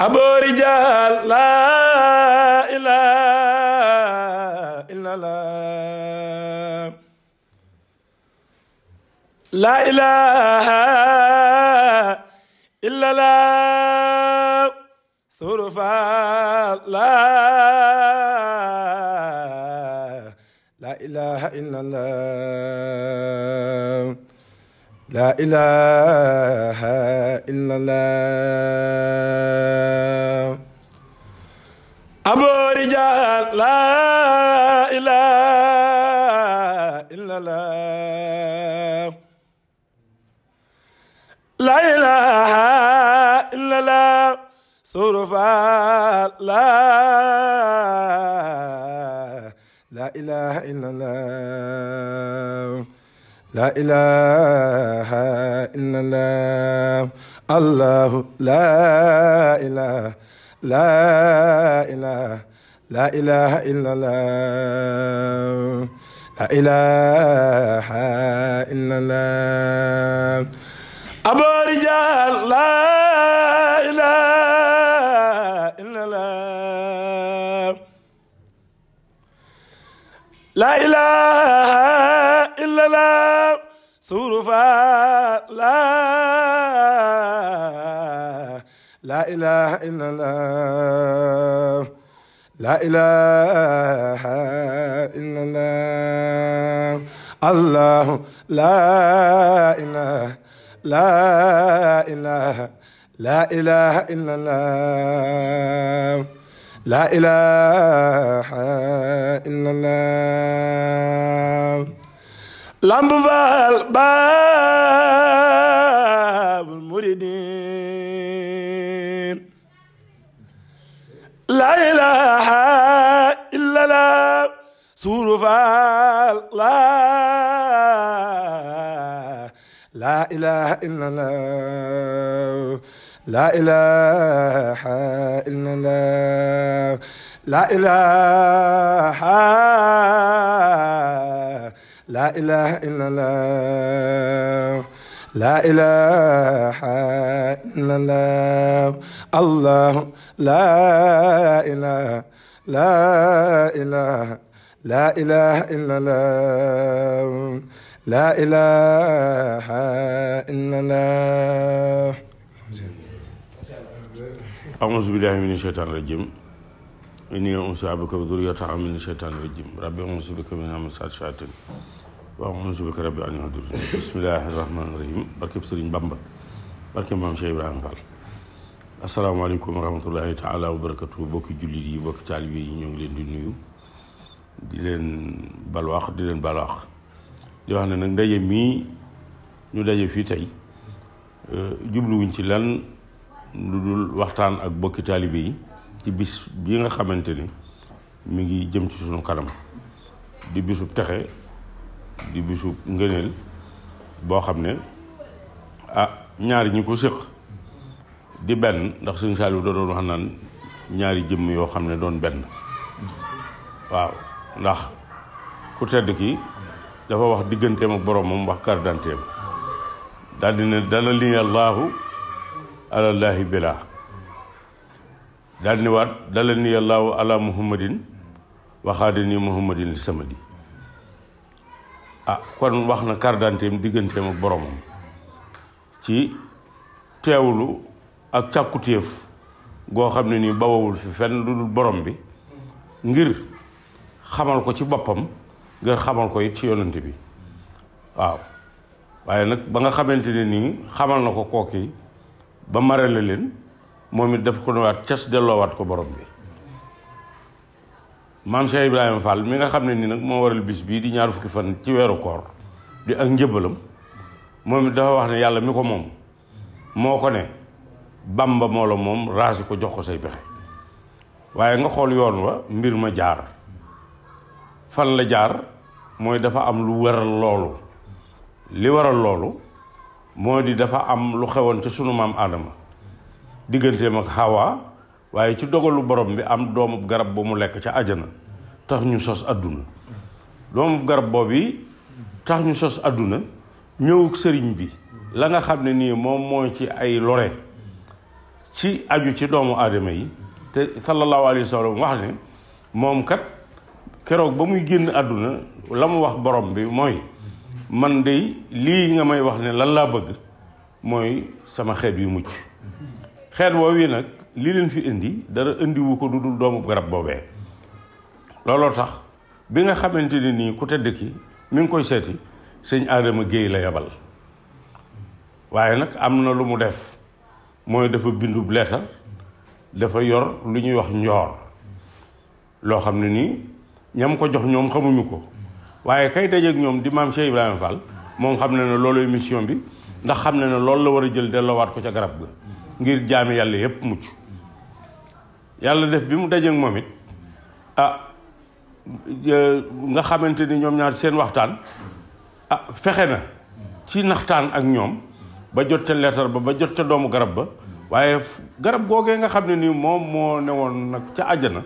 أبو رجال لا إله إلا الله لا إله إلا الله سورفا لا لا إله إلا الله laa ilaaha illallah aboo rijaal laa ilaaha illallah laa ilaaha illallah suurfaal laa laa ilaaha illallah la ilaha illallah allahu la ilaha la ilaha la ilaha la ilaha abu rijal la ilaha illallah la ilaha illallah surufa la la ilaha illallah la ilaha illallah allah la ilaha la ilaha la ilaha illallah la lamb faal baabul muridiin laa ilaaha illallah suuru faal laa laa ilaaha illallah laa ilaaha illallah laa ilaaha laa ilaha illallah laa ilaha illallah allahu laa ilaha laa ilaha laa ilaha illallah laa ilaha illallah. auzu billahi mina shaytaani rajim inni unsu bika wa dhurriyyataha min shaytaani rajim rabbi unsu bika min hamazaati shayaatiin wa unsu bika rabbi an yahdurun bismillahi rahmaani rahim barkeb Sëriñ Bamba barkeb Maam Cheikh Ibrahima Fall asalaamaaleykum wa rahmatullahi taala bokki jullit yi bokki taalibe yi ñoo ngi leen di nuyu di leen balwaax di leen balwaax di wax ne nag ndaje mii ñu daje fii tey euh, jubluwuñ ci lan lu dul waxtaan ak bokki taalibe yi ci bis bi nga xamante ni mi ngi jëm ci suñu kanam di bisub texe di bisub ngëneel boo xam ne ah ñaari ñi ko séq di benn ndax suñu Saliou da doon wax naan ñaari jëmm yoo xam ne doon benn waaw ndax ku tedd ki dafa wax digganteem ak boromam wax dal di ne dana li allahu alallaahi bilaa daal ni waat dalal ni yàllaahu ala muhammadin waxaade ni muhammadin samadi ah kon wax na carte d'identité am digganteem ak boromam ci teewlu ak càkkutéef goo xam ne nii bawawul fi fenn lu dul borom bi ngir xamal ko ci boppam ngir xamal ko it ci yonante bi waaw waaye nag ba nga xamante ne nii xamal na ko kooki ba la leen moom it daf ko newaat cas delloowaat ko borom bi maam Cheikh Ibrahima Fall mi nga xam ne nii nag moo waral bis bii di ñaar fukki fan ci weeru koor bi ak njëbalam moom it dafa wax ne yàlla mi ko moom moo ko ne bamba moo la moom raasi ko jox ko say pexe waaye nga xool yoon wa mbir ma jaar fan la jaar mooy dafa am lu waral loolu li waral loolu moo di dafa am lu xewoon ca sunu maam aadama digganteem ak Hawa waaye ci dogalu borom bi am doomub garab bu mu lekk ca àjjana tax ñu sos àdduna doomu garab boobu tax ñu sos àdduna ñëwuk sëriñ bi la nga xam ne nii moom mooy ci ay lore ci aju ci doomu aadama yi te sallallahu alayhi wa wax ne moom kat keroog ba muy génn àdduna la mu wax borom bi mooy man de lii nga may wax ne lan laa bëgg mooy sama xeet yu mucc xeet woow yi nag li leen fi indi dara indiwu ko du dul doomu garab boobee looloo tax bi nga xamante ni nii ku tedd ki mi ngi koy seeti sëñ Adama Guèye la yabal waaye nag am na lu mu def mooy dafa bindub leetar dafa yor lu ñuy wax njoor loo xam ne nii ñam ko jox ñoom xamuñu ko waaye kay dajeeg ñoom di maam Cheikh Ibrahima Fall moom xam na ne looluy mission bi ndax xam na ne loolu la war a jël delloowaat ko ca garab ga ngir jaami yàlla yépp mucc yàlla def bi mu dajeek moom ah, nga xamante ni ñoom ñaar seen waxtaan ah fexe na ci naxtaan ak ñoom ba jot ca leetar ba ba jot ca doomu garab ba waaye garab googee nga xam ne ni moom moo newoon nag ca àjjana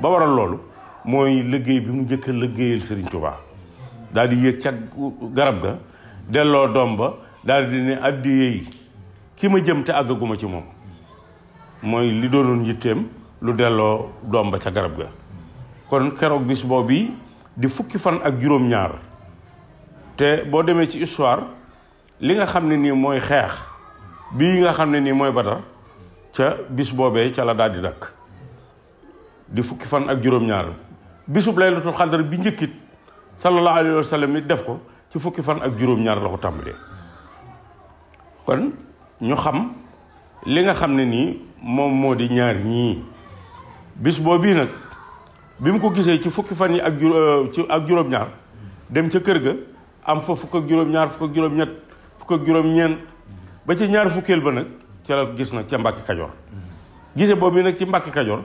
ba waral loolu mooy liggéey bi mu njëkk a liggéeyal Serigne Touba daal di yéeg ca garab ga delloo doom ba daal di ne addiyee yi fi ma jëm te àggaguma ci moom mooy li doonoon yitteem lu delloo doom ba ca garab ga kon keroog bis boobu di fukki fan ak juróom-ñaar te boo demee ci histoire li nga xam ne nii mooy xeex bii nga xam ne nii mooy Badar ca bis boobee ca la daal di dakk di fukki fan ak juróom-ñaar bisub laylatul xadar bi njëkkit sallallahu alayhi wa sallam def ko ci fukki fan ak juróom-ñaar la ko tàmbalee kon ñu xam li nga xam ne nii moom moo di ñaar ñii bis boo bii nag bi mu ko gisee ci fukki fan yi ak juróom euh, ci ak juróom-ñaar dem ca kër ga am fa fukk ak juróom-ñaar fukk ak juróom-ñett ba ca ñaar fukkeel ba nag ca la gis nag ca Mbàkke Kajoor gise boobu nag ci Mbàkke Kajoor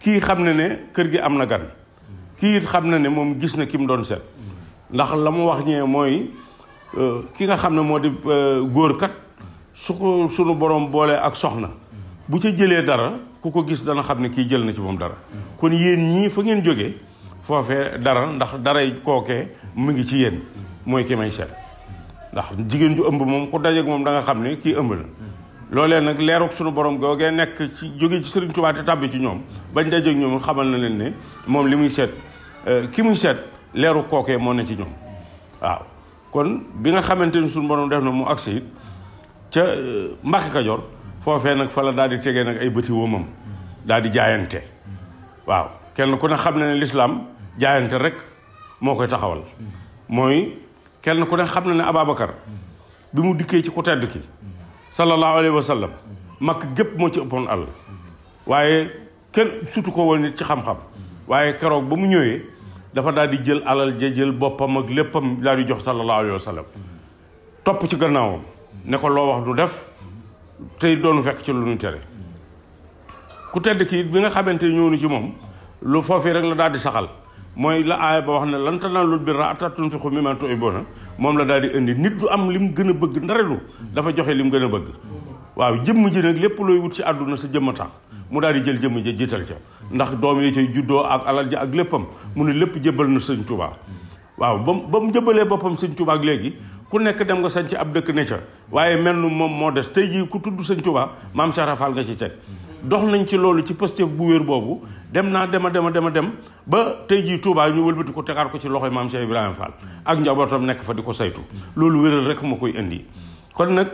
kii xam na ne kër gi am na gan kii it xam na ne moom gis na ki mu doon seet ndax la mu wax ñee mooy euh, ki nga xam ne moo di euh, góor kat su ko sunu borom boolee ak soxna bu ca jëlee dara ku ko gis dana xam ne kii jël na ci moom dara kon yéen ñii fa ngeen jógee foofee dara ndax daray kooke mu ngi ci yéen mooy ki may seet ndax jigéen ju ëmb moom ku dajeek moom da nga xam ne kii ëmb loolee nag leeruk sunu borom googee nekk ci jóge ci Sëriñ Tuubaa ci ñoom bañ dajeeg ñoom xamal na leen ne moom li muy seet euh, ki muy seet leeru kooke moo na ci ñoom waaw kon bi nga xamante ni sunu borom def na mu agsi it ca euh, Mbàkke Kajoor foofee nag fa la daal di tegee nag ay bëti wóomam daal di jaayante waaw kenn ku ne xam na ne lislaam jaayante rek moo koy taxawal mooy kenn ku ne xam na ne Ababacar bi mu dikkee ci ku tedd ki sallallahu alayhi wa makk gépp moo ci ëppoon àll waaye kenn sutu ko woon nit ci xam-xam waaye keroog ba mu ñëwee dafa daal di jël alal ja jël boppam ak léppam daal di jox sallallahu alayhi wa topp ci gannaawam ne ko loo wax du def tey doonu fekk ci lu ñu tere ku tedd kii bi nga xamante ni ñëw ci moom lu foofii rek la daal di saxal mooy la aaya ba wax ne lanta lan tanaalul birra hattaa tunfiqu mimmaa tuhibbuuna moom la daal di indi nit du am li mu gën a bëgg ndare du dafa joxe mu gën a bëgg waaw jëmm ji nag lépp looy wut ci àdduna sa jëmm tax mu daal di jël jëmm ji jiital ca ndax doom yi cay juddoo ak alal ji ak léppam mu ne lépp jëbal na sëñ Tuubaa waaw ba mu ba mu jëbalee boppam sëñ Tuubaa ak léegi ku nekk dem nga sañ ci ab dëkk ne waaye mel nu moom moo des tey jii ku tudd sëñ Tuubaa maam Cheikh Rafal nga ci teg dox nañ ci loolu ci Pastef bu wér boobu dem naa dema dem a dem ba tey jii Touba ñu wëlbati ko tegaat ko ci loxoy maam Cheikh Ibrahima Fall ak njabootam nekk fa di ko saytu loolu wéral rek ma koy indi kon nag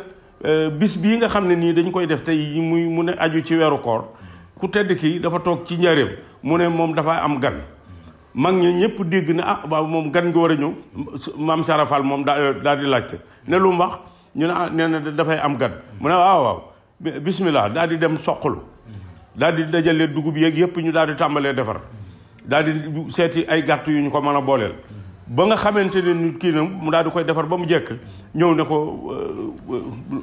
euh, bis bii nga xam ne nii dañ koy def tey muy mu ne aju ci weeru koor ku tedd kii dafa toog ci njaareem mu ne moom dafa am gan mag ñi ñëpp dégg na ah waaw moom gan nga war a ñëw maam Sara Fall moom daa daal di laajte ne lu mu ñu ne ah nee dafay am gan mu ne waaw waaw bismillah daal di dem soqalu daal di dajalee dugub yeeg yëpp ñu daal di tàmbalee defar daal di seeti ay gàtt yu ñu ko mën a booleel ba nga xamante ne nit kii nag mu daal di koy defar ba mu jekk ñëw ne ko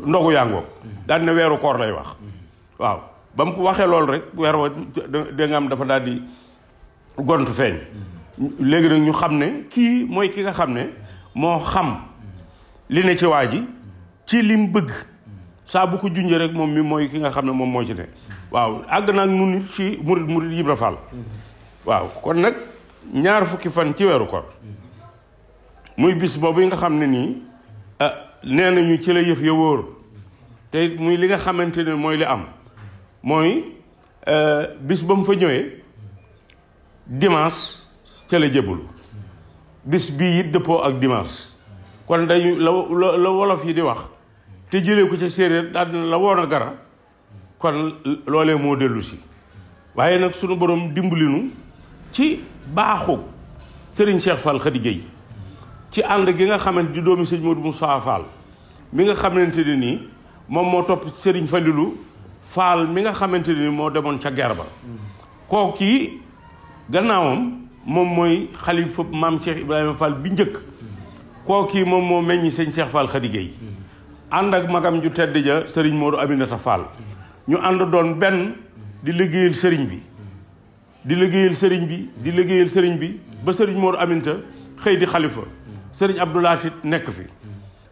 ndogu yàngoo daal di ne weeru koor lay wax waaw ba mu ko waxee loolu rek weer wa da am dafa daal di gontu feeñ léegi nag ñu xam ne kii mooy ki nga xam ne moo xam li ne ci waa ji ci lim bëgg saa bu ko rek moom mii mooy ki nga xam ne moom moo ci ne waaw àgg naag nu nit ci murit murit Ibra Fall waaw kon nag ñaar fukki fan ci weeru koor muy bis boobu yi nga xam ne nii ah, nee nañu ci la yëf ya wóor te muy li nga xamante ne mooy li am mooy eh, bis ba mu fa ñëwee dimanche ca la jébbalu bis bii it dëppoo ak dimanche kon dañu la la wolof yi di wax te jële ko ca séeréer daal la woon gara kon loolee moo dellusi waaye nag sunu boroom borom dimbalinu ci baaxu Serigne Cheikh Fall Khady Gueye ci ànd gi nga xamante di doomi sëñ Modou Moussa Fall mi nga xamante ne nii moom moo topp Serigne Falilou Fall mi nga xamante ne nii moo demoon ca guerre ba kooku gannaawam moom mooy xalifa maam Cheikh Ibrahima Fall bi njëkk kookii moom moo meññi sëñ Cheikh Fall Khady ànd ak magam ju tedd ja sëriñ Modou Aminata Fall ñu ànd doon benn di liggéeyal sëriñ bi di liggéeyal sëriñ bi di liggéeyal sëriñ bi ba sëriñ Modou Aminta xëy di xalifa sëriñ Abdoulaye nekk fi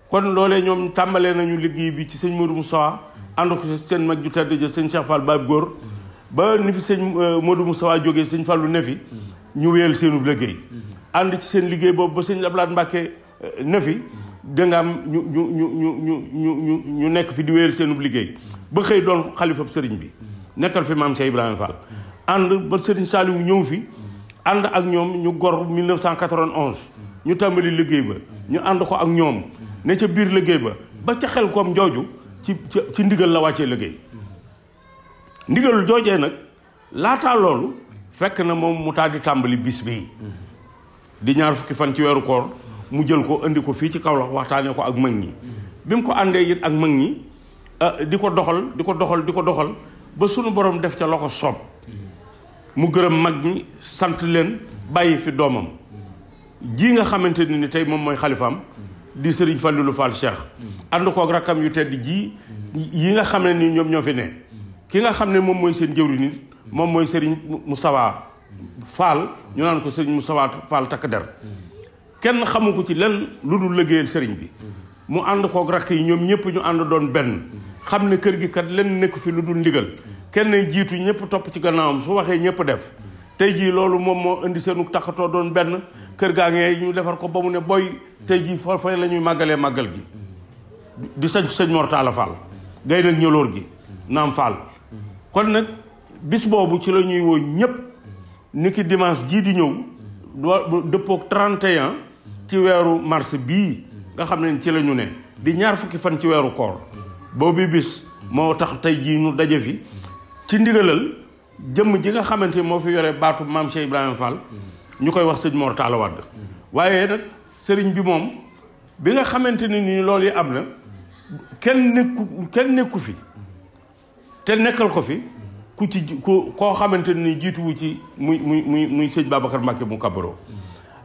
kon loole ñoom tàmbale nañu liggéey bi ci sëñ Modou Moussa ànd ko seen mag ju tedd ja sëñ Cheikh Fall Baab Góor ba ni fi sëñ euh, Modou Moustapha jógee sëñ Fallou ne fi ñu wéyal seenu liggéey ànd ci seen liggéey boobu ba sëñ Abdoulaye Mbacke euh, ne fi danga ñu ñu ñu ñu ñu ñu nekk fi di wéyal seenu liggéey ba xëy doon xalifab sëriñ bi nekkal fi maam Cheikh Ibrahima Fall ànd ba sëriñ Saliou ñëw fi ànd ak ñoom ñu gor 1991 ñu tàmbali liggéey ba ñu ànd ko ak ñoom ne ca biir liggéey ba ba ca xel koom njooju ci ci ndigal la wàccee liggéey ndigal joojee nag laataa loolu fekk na moom mu taal di tàmbali bis bii di ñaar fukki fan ci weeru koor mu jël ko indi ko fii ci Kaolack waxtaanee ko ak mag ñi bi mu ko àndee it ak mag ñi ah, di ko doxal di ko doxal di ko doxal ba sunu borom def ca la ko soob mu gërëm mag ñi sant leen bàyyi fi doomam ji nga xamante ni ni tey moom mooy xalifaam di Serigne Fallilou Fall Cheikh ànd kook rakkam yu tedd ji yi nga xam ne ni ñoom ñoo fi ne ki nga xam ne moom mooy seen jëwri nit moom mooy sëriñ sawaa Fall ñu naan ko sëriñ Moustapha Fall takk der kenn xamu ko ci lenn lu dul liggéeyal sëriñ bi mu ànd kook rakk yi ñoom ñëpp ñu ànd doon benn xam ne kër gi kat lenn nekku fi lu dul ndigal kenn jiitu ñëpp topp ci gannaawam su waxee ñëpp def tey jii loolu moom moo indi seenu takkatoo doon benn kër gaa ngee ñu defar ko ba mu ne boy tey jii fa fa la ñuy màggalee màggal gi di sañ sëñ Mor ñëloor gi naam kon nag bis boobu ci la ñuy woo ñëpp ni ki dimanche jii di ñëw dëppook 31 ci weeru mars bii nga xam ne ci la ñu ne di ñaar fukki fan ci weeru koor boobu bis moo tax tey jii ñu daje fi ci ndigalal jëmm ji nga xamante ni moo fi yore baatu maam Cheikh Ibrahima Fall ñu koy wax sëñ Mor Talla Wade waaye nag sëriñ bi moom bi nga xamante ni nii loolu yi am na kenn nekku kenn nekku fi te nekkal ko fi ku ci ku koo xamante ni jiituwu ci muy muy muy muy sëñ Babacar Mbacke mu kabaro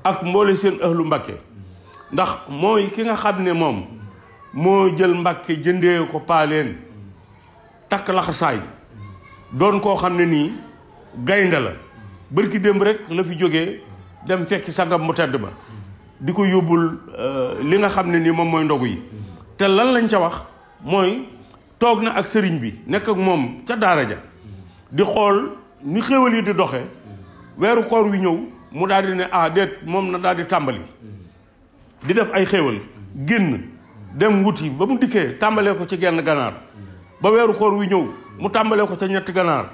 ak mboole seen ëhlu Mbacke ndax mooy ki nga xam ne moom moo jël Mbacke jëndee ko paaleen takk laxasaay doon koo xam ne nii gaynde la bërki démb rek la fi jógee dem fekki sangam mu tedd ma di ko yóbbul euh, li nga xam ne nii moom mooy ndogu yi te lan lañ ca wax mooy toog na ak sëriñ bi nekk ak moom ca daara ja di xool ni xéwal yi di doxe weeru koor wi ñëw mu daldi ne ah déet moom na daal di tàmbali di def ay xéwal génn dem wut yi ba mu dikkee tàmbalee ko ci genn ganaar ba weeru koor wi ñëw mu tàmbalee ko ca ñetti ganaar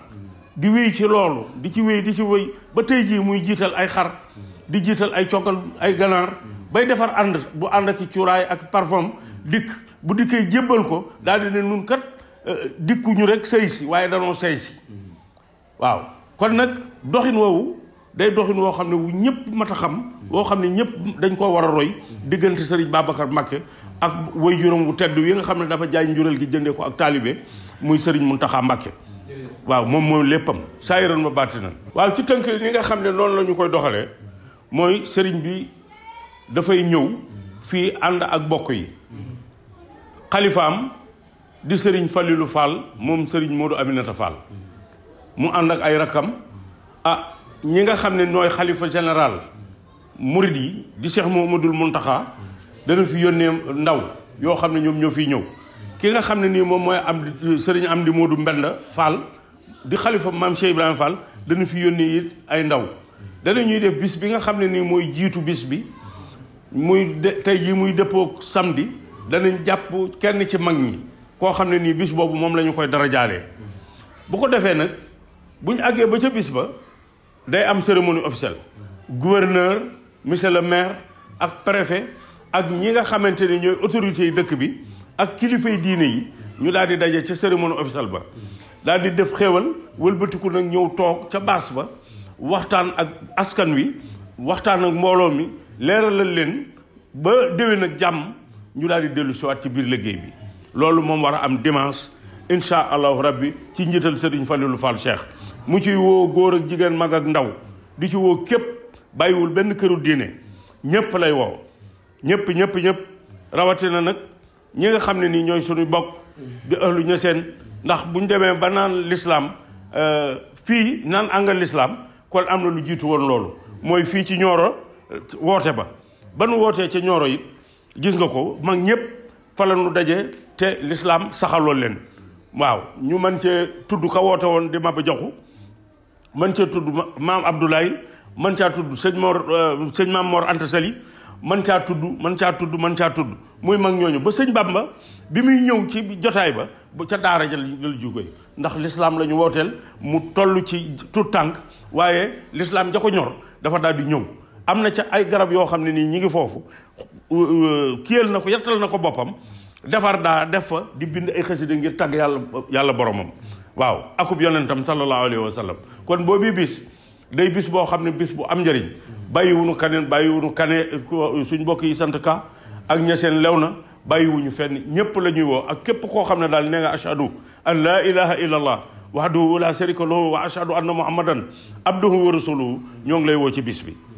di wéy ci loolu di ci wéy di ci wéy ba tey jii muy jiital ay xar di jiital ay coggal ay ganaar bay defar ànd bu ànd ak cuuraay ak parfum dikk bu dikkee jébbal ko daal di ne nun kat euh, dikkuñu rek sëy si waaye danoo sëy si waaw kon nag doxin woowu day doxin woo xam ne wu ñëpp mat a xam woo xam ne ñëpp dañ koo war a roy diggante sëriñ Babacar Mbacké ak way juróom wu tedd yi nga xam ne dafa jaay njural gi jënde ko ak taalibe muy sëriñ Mountakha Mbacké waaw moom mooy léppam saa yaram ma bàtti na waaw ci tënk li nga xam ne loolu la ñu koy doxalee mooy sëriñ bi dafay ñëw fii ànd ak bokk yi xalifaam di sëriñ Falilou Fall moom sëriñ Modou Aminata Fall mu ànd ak ay rakkam ah ñi nga xam ne nooy xalifa général murid yi di Cheikh Mouhamadoul montaxa dana fi yónnee ndaw yoo xam ne ñoom ñoo fi ñëw ki nga xam ne nii moom mooy am di sëriñ am di Modou Mbenda Fall di xalifa maam Cheikh Ibrahima dana fi yónnee it ay ndaw dana ñuy def bis bi nga xam ne nii mooy jiitu bis bi muy de tey jii muy dëppook samedi danañ jàpp kenn ci mag mi koo xam ne nii bis boobu moom la ñu koy dara jaalee bu ko defee nag bu ñu àggee ba ca bis ba day am cérémonie officielle gouverneur monsieur le maire ak préfet ak ñi nga xamante ne ñooy autorités yi dëkk bi ak kilifay yi diine yi ñu daal di daje ca cérémonie officielle ba daal di def xéewal wëlbatiku nag ñëw toog ca baas ba waxtaan ak askan wi waxtaan ak mbooloo mi leeralal leen ba déwén ak jàmm ñu daal di dellu siwaat ci biir liggéey bi loolu moom war a am dimanche incha allahu rabbi ci njiital sëriñ Falilou Fall Cheikh mu ci woo góor ak jigéen mag ak ndaw di ci woo képp bàyyiwul benn këru diine ñépp lay woo ñëpp ñëpp ñëpp rawatina nag ñi nga xam ne nii ñooy suñu bokk di ëllu ña seen ndax buñ demee ba naan lislaam euh, fii naan àngal lislaam kon am na lu jiitu woon loolu mooy fii ci ñooro euh, woote ba ba nu wootee ca ñooro it gis nga ko mag ñëpp fa la daje te lislaam saxaloo leen waaw ñu mën cee tudd ka woote woon di Maba Jaxu mën cee tudd maam Abdoulaye mën caa tudd sëñ Mor euh, sëñ maam moor Anta Sali mën caa tudd mën caa tudd mën caa tudd muy mag ñooñu ba sëñ Bamba bi muy ñëw ci jotaay ba bu ca daara ja la jóge ndax lislaam la ñu wooteel mu toll ci tout tànk waaye lislaam ja ko ñor dafa daal di ñëw am na ca ay garab yoo xam ne nii ñi ngi foofu kiyal na ko yettal na ko boppam defar def fa di bind ay xasida ngir tagg yàlla yàlla boromam waaw akub yonentam sallallahu alayhi wa sallam kon boo bii bis day bis boo xam ne bis bu am njëriñ bàyyiwunu kaneen bàyyiwunu kane suñ mbokk yi sant ka ak ña lew na bàyyiwuñu fenn ñépp la ñuy woo ak képp koo xam ne daal nee nga ashadu an laa ilaha illa allah wahdahu la sharika lahu wa ashadu anna muhammadan abduhu wa rasuluhu ñoo ngi lay woo ci bis bi